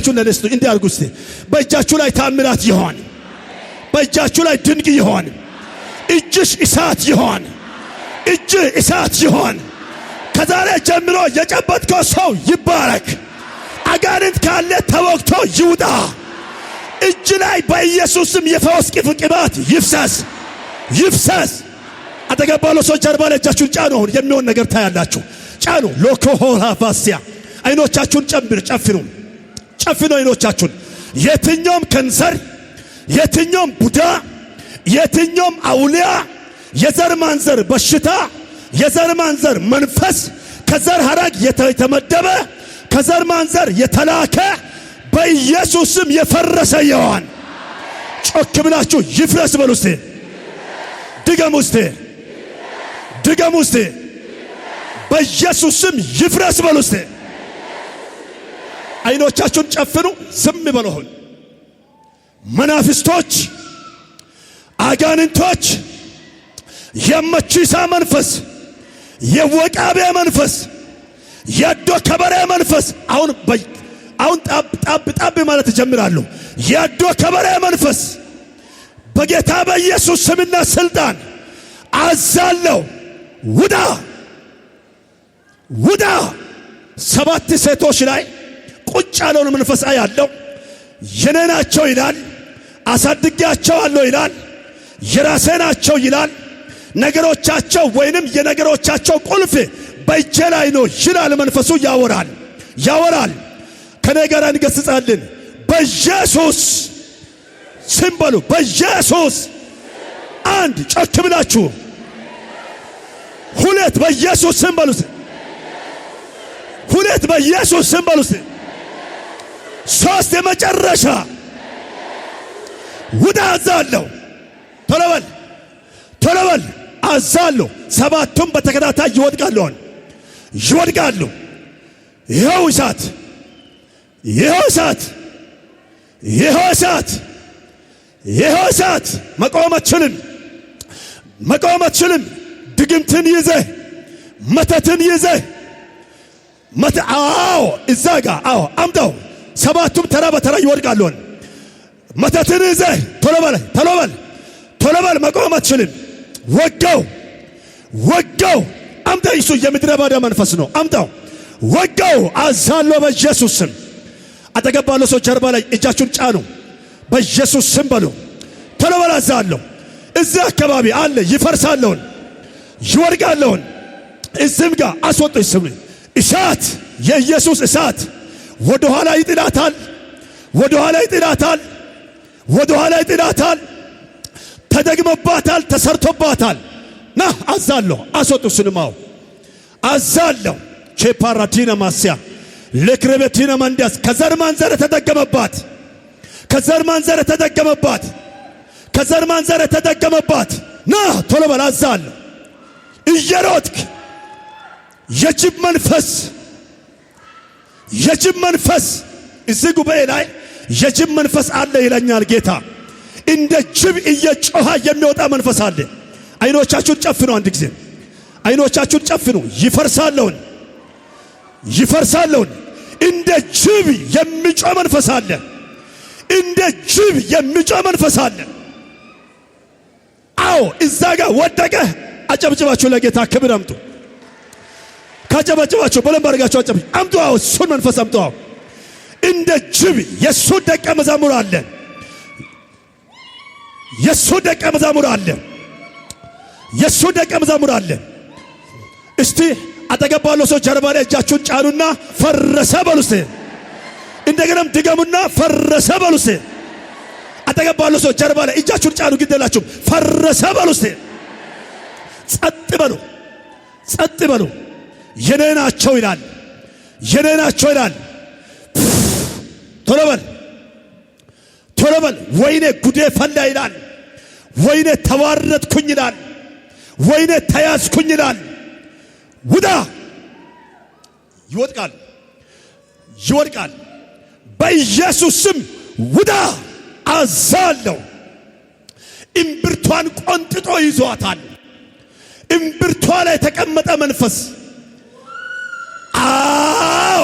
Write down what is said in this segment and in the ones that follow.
እጃችሁን ለነስቱ እንዲህ አድርጉ እስቲ። በእጃችሁ ላይ ታምራት ይሆን፣ በእጃችሁ ላይ ድንቅ ይሆን፣ እጅሽ እሳት ይሆን፣ እጅ እሳት ይሆን። ከዛሬ ጀምሮ የጨበጥከው ሰው ይባረክ። አጋንንት ካለ ተወግቶ ይውጣ። እጅ ላይ በኢየሱስም የፈውስ ቅባት ይፍሰስ፣ ይፍሰስ። አጠገብ ባለው ሰው ጀርባ ላይ እጃችሁን ጫኑ። አሁን የሚሆን ነገር ታያላችሁ። ጫኑ ሎኮሆራቫሲያ አይኖቻችሁን ጨምር ጨፍኑ። ጨፍኖ አይኖቻችሁን። የትኛውም ከንሰር፣ የትኛውም ቡዳ፣ የትኛውም አውሊያ የዘር ማንዘር በሽታ፣ የዘር ማንዘር መንፈስ ከዘር ሐረግ የተመደበ ከዘር ማንዘር የተላከ በኢየሱስ የፈረሰ ይሆን። ጮክ ብላችሁ ይፍረስ በሉ እስቴ። ድገሙ እስቴ፣ ይፍረስ በሉ አይኖቻችሁን ጨፍኑ፣ ዝም በሉ። አሁን መናፍስቶች፣ አጋንንቶች፣ የመቺሳ መንፈስ፣ የወቃቤ መንፈስ፣ የዶ ከበሬ መንፈስ አሁን አሁን ጣብ ጣብ ጣብ ማለት ይጀምራሉ። የዶ ከበሬ መንፈስ በጌታ በኢየሱስ ስምና ስልጣን አዛለው ውዳ ውዳ ሰባት ሴቶች ላይ ቁጭ ያለውን መንፈስ አያለው። የኔ ናቸው ይላል። አሳድጌያቸው አለው ይላል። የራሴ ናቸው ይላል። ነገሮቻቸው ወይንም የነገሮቻቸው ቁልፍ በእጄ ላይ ነው ይላል። መንፈሱ ያወራል ያወራል። ከኔ ጋር እንገሥጻለን። በኢየሱስ ስም በሉ። በኢየሱስ አንድ ጮክ ብላችሁ ሁለት በኢየሱስ ስም በሉ። ሁለት በኢየሱስ ስም በሉ። ሶስት የመጨረሻ ውዳ አዛለሁ። ቶሎ በል ቶሎ በል፣ አዛለሁ። ሰባቱም በተከታታይ ይወድቃሉ፣ ይወድቃሉ። ይኸው እሳት፣ ይኸው እሳት፣ ይኸው እሳት፣ ይኸው እሳት። መቆም አትችልም፣ መቆም አትችልም። ድግምትን ይዘህ መተትን ይዘህ መተ አዎ፣ እዛ ጋር አዎ፣ አምጣው ሰባቱም ተራ በተራ ይወድቃሉ። መተትን ይዘህ ቶሎ በል ቶሎ በል ቶሎ በል መቆም አትችልም። ወጋው ወጋው አምጣ። እሱ የምድረ ባዳ መንፈስ ነው። አምጣው ወጋው። አዛሎ በኢየሱስ ስም አጠገባሎ ሰው ጀርባ ላይ እጃችሁን ጫኑ። በኢየሱስ ስም በሉ። ቶሎ በል አዛሎ። እዚህ አካባቢ አለ ይፈርሳለሁን ይወድቃለሁን። እዚህም ጋር አስወጡ። ይስም እሳት የኢየሱስ እሳት ወደ ኋላ ይጥላታል፣ ወደ ኋላ ይጥላታል፣ ወደ ኋላ ይጥላታል። ተደግሞባታል፣ ተሰርቶባታል። ና አዛለሁ፣ አስወጡ ስንማው አዛለሁ ቼፓራቲና ማስያ ለክረበቲና ማንዲያስ ከዘር ማንዘር ተደገመባት፣ ከዘር ማንዘር ተደገመባት፣ ከዘር ማንዘር ተደገመባት። ና ቶሎ በል አዛለሁ እየሮጥክ የጅብ መንፈስ የጅብ መንፈስ እዚህ ጉባኤ ላይ የጅብ መንፈስ አለ ይለኛል ጌታ። እንደ ጅብ እየጮኸ የሚወጣ መንፈስ አለ። አይኖቻችሁን ጨፍኑ፣ አንድ ጊዜ አይኖቻችሁን ጨፍኑ። ይፈርሳለሁን፣ ይፈርሳለሁን። እንደ ጅብ የሚጮ መንፈስ አለ። እንደ ጅብ የሚጮህ መንፈስ አለ። አዎ፣ እዛ ጋር ወደቀህ። አጨብጭባችሁ ለጌታ ክብር አምጡ። ካጨበጨባችሁ በለም አድርጋችሁ አጨብ አምጡ። እሱን መንፈስ አምጡ። እንደ ጅብ የእሱ ደቀ መዛሙር አለ። የእሱ ደቀ መዛሙር አለ። የእሱ ደቀ መዛሙር አለ። እስቲ አጠገብ ሰው ጀርባ ላይ እጃችሁን ጫኑና ፈረሰ በሉስ። እንደገናም ድገሙና ፈረሰ በሉስ። እስቲ ሰው ጀርባ ላይ እጃችሁን ጫኑ፣ ግድ የላችሁም። ፈረሰ በሉ። ጸጥ በሉ፣ ጸጥ በሉ። የኔ ናቸው ይላል። የኔ ናቸው ይላል። ቶሎ በል ቶሎ በል። ወይኔ ጉዴ ፈላ ይላል። ወይኔ ተዋረድኩኝ ይላል። ወይኔ ተያዝኩኝ ይላል። ውዳ ይወድቃል፣ ይወድቃል። በኢየሱስ ስም ውዳ አዛለሁ። እምብርቷን ቆንጥጦ ይዟታል። እምብርቷ ላይ የተቀመጠ መንፈስ አዎ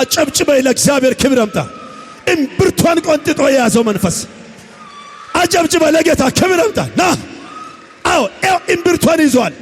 አጨብጭበይ ለእግዚአብሔር ክብር አምጣ። እምብርቷን ቆንጥጦ የያዘው መንፈስ አጨብጭበ ለጌታ ክብር አምጣ። ና አዎ ው እምብርቷን ይዟል።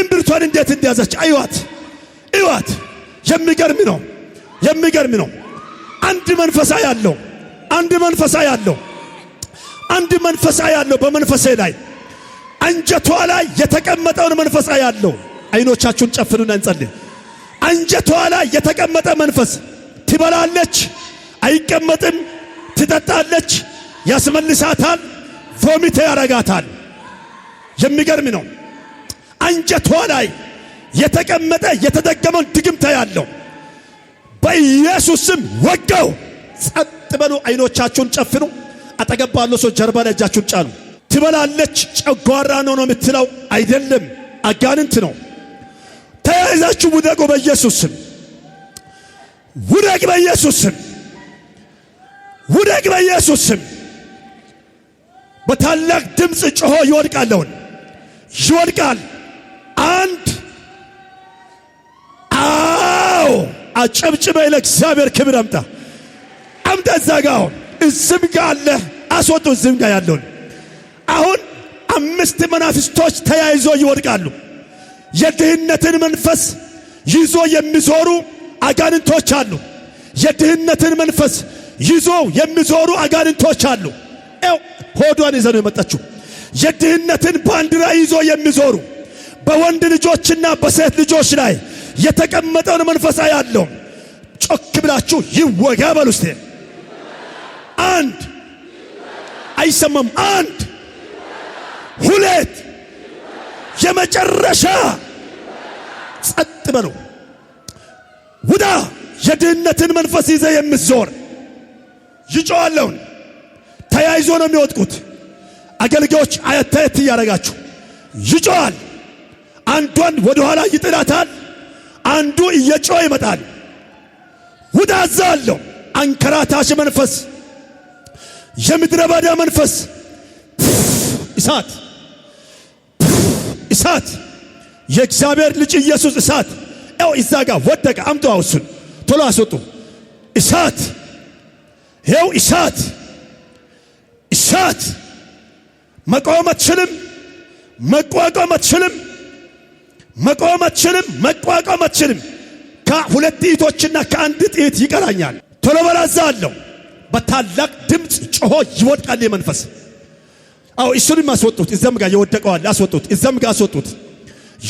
እምብርቷን እንዴት እንደያዘች አይዋት እዋት። የሚገርም ነው፣ የሚገርም ነው። አንድ መንፈሳ ያለው አንድ መንፈሳ ያለው አንድ መንፈሳ ያለው በመንፈሴ ላይ አንጀቷ ላይ የተቀመጠውን መንፈሳ ያለው አይኖቻችሁን ጨፍኑና እንጸልይ። አንጀቷ ላይ የተቀመጠ መንፈስ ትበላለች፣ አይቀመጥም፣ ትጠጣለች፣ ያስመልሳታል፣ ቮሚት ያረጋታል። የሚገርም ነው። አንጀቷ ላይ የተቀመጠ የተደገመውን ድግምታ ያለው በኢየሱስ ስም ወጋው። ጸጥ በሉ፣ አይኖቻችሁን ጨፍኑ። አጠገብ ሰው ጀርባ ላይ እጃችሁን ጫኑ። ትበላለች፣ ጨጓራ ነው ነው የምትለው አይደለም፣ አጋንንት ነው። ተያይዛችሁ ውደቁ በኢየሱስ ስም። ውደቅ በኢየሱስ ስም። ውደቅ በኢየሱስ ስም። በታላቅ ድምፅ ጮሆ ይወድቃል። አሁን ይወድቃል። አንድ አዎ፣ አጨብጭበ ለእግዚአብሔር ክብር አምጣ አምጣ። እዛ ጋ አሁን እዝም ጋ አለ አስወጡ። እዝም ጋ ያለውን አሁን አምስት መናፍስቶች ተያይዞ ይወድቃሉ። የድህነትን መንፈስ ይዞ የሚዞሩ አጋንንቶች አሉ። የድህነትን መንፈስ ይዞ የሚዞሩ አጋንንቶች አሉ። ኤው ሆዷን ይዘ ነው የመጣችው። የድህነትን ባንዲራ ይዞ የሚዞሩ በወንድ ልጆችና በሴት ልጆች ላይ የተቀመጠውን መንፈስ ያለው ጮክ ብላችሁ ይወጋ በሉ እስቴ። አንድ አይሰማም። አንድ ሁለት የመጨረሻ ጸጥ በሉ ውዳ የድህነትን መንፈስ ይዘ የምትዞር ይጮዋለሁን ተያይዞ ነው የሚወጥቁት። አገልጋዮች አየት አየት እያደረጋችሁ ይጮዋል። አንዷን ወደኋላ ይጥላታል። አንዱ እየጮኸ ይመጣል። ውዳ እዛ አንከራታሽ መንፈስ፣ የምድረ ባዳ መንፈስ፣ እሳት እሳት፣ የእግዚአብሔር ልጅ ኢየሱስ እሳት ው እዛ ጋር ወደቀ። አምጡ አውሱን ቶሎ አስወጡ። እሳት ይው እሳት እሳት መቆም አትችልም። መቋቋም አትችልም። መቆም አትችልም። መቋቋም አትችልም። ከሁለት ጥይቶችና ከአንድ ጥይት ይቀራኛል። ቶሎ በላዛ አለው። በታላቅ ድምፅ ጮሆ ይወድቃል የመንፈስ አዎ እሱንም አስወጡት። እዛም ጋር የወደቀዋል አስወጡት። እዛም ጋር አስወጡት።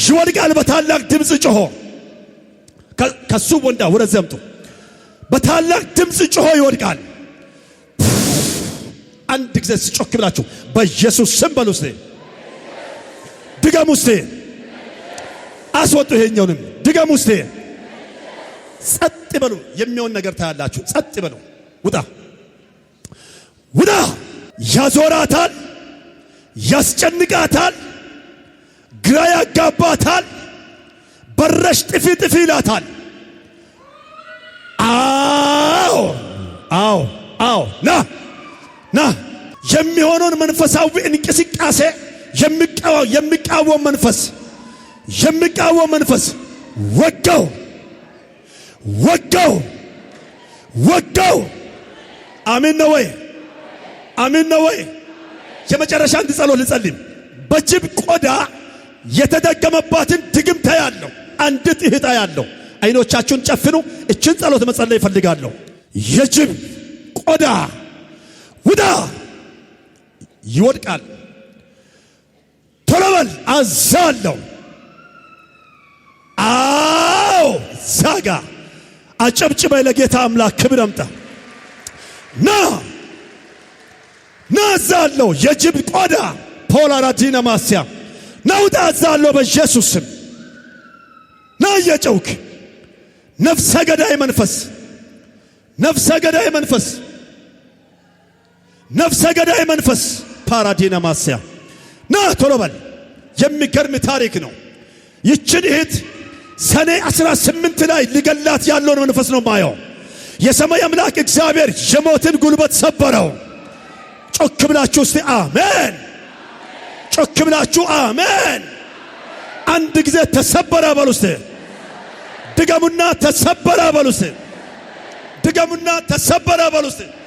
ይወድቃል። በታላቅ ድምፅ ጮሆ ከሱ ወንዳ ወደዚያ አምጡ። በታላቅ ድምፅ ጮሆ ይወድቃል። አንድ ጊዜ ጮክ ብላችሁ በኢየሱስ ስም በሉ። እስቴ ድገሙ። እስቴ አስወጡ። ይሄኛውንም ድገሙ። እስቴ ጸጥ በሉ። የሚሆን ነገር ታያላችሁ። ጸጥ በሉ። ውጣ፣ ውጣ ያዞራታል ያስጨንቃታል፣ ግራ ያጋባታል፣ በረሽ ጥፊ ጥፊ ይላታል። አዎ አዎ አዎ ና ና የሚሆነውን መንፈሳዊ እንቅስቃሴ የሚቃወም መንፈስ የሚቃወም መንፈስ ወጋው ወጋው ወጋው። አሚን ነው ወይ? አሚን ነው ወይ? የመጨረሻ አንድ ጸሎት ልጸልም። በጅብ ቆዳ የተደገመባትን ድግምት ያለው አንዲት እህት ያለው አይኖቻችሁን ጨፍኑ። እችን ጸሎት መጸለይ ይፈልጋለሁ። የጅብ ቆዳ ውዳ ይወድቃል። ቶሎ በል አዛለሁ። አዎ ዛጋ። አጨብጭበይ ለጌታ አምላክ ክብር አምጣ ና አዛለሁ የጅብ ቆዳ ፖላራዲና ማስያ ነውጣ አዛለሁ በኢየሱስ ስም ና እየጨውክ ነፍሰ ገዳይ መንፈስ ነፍሰ ገዳይ መንፈስ ነፍሰ ገዳይ መንፈስ ፓራዲና ማስያ ና ቶሎ በል። የሚገርም ታሪክ ነው። ይችን እህት ሰኔ 18 ላይ ሊገላት ያለውን መንፈስ ነው ማየው። የሰማይ አምላክ እግዚአብሔር የሞትን ጉልበት ሰበረው። ጮክ ብላችሁ እስቲ አሜን፣ ጮክ ብላችሁ አሜን። አንድ ጊዜ ተሰበረ በሉ እስቲ። ድገሙና ተሰበረ በሉ እስቲ። ድገሙና ተሰበረ በሉ እስቲ።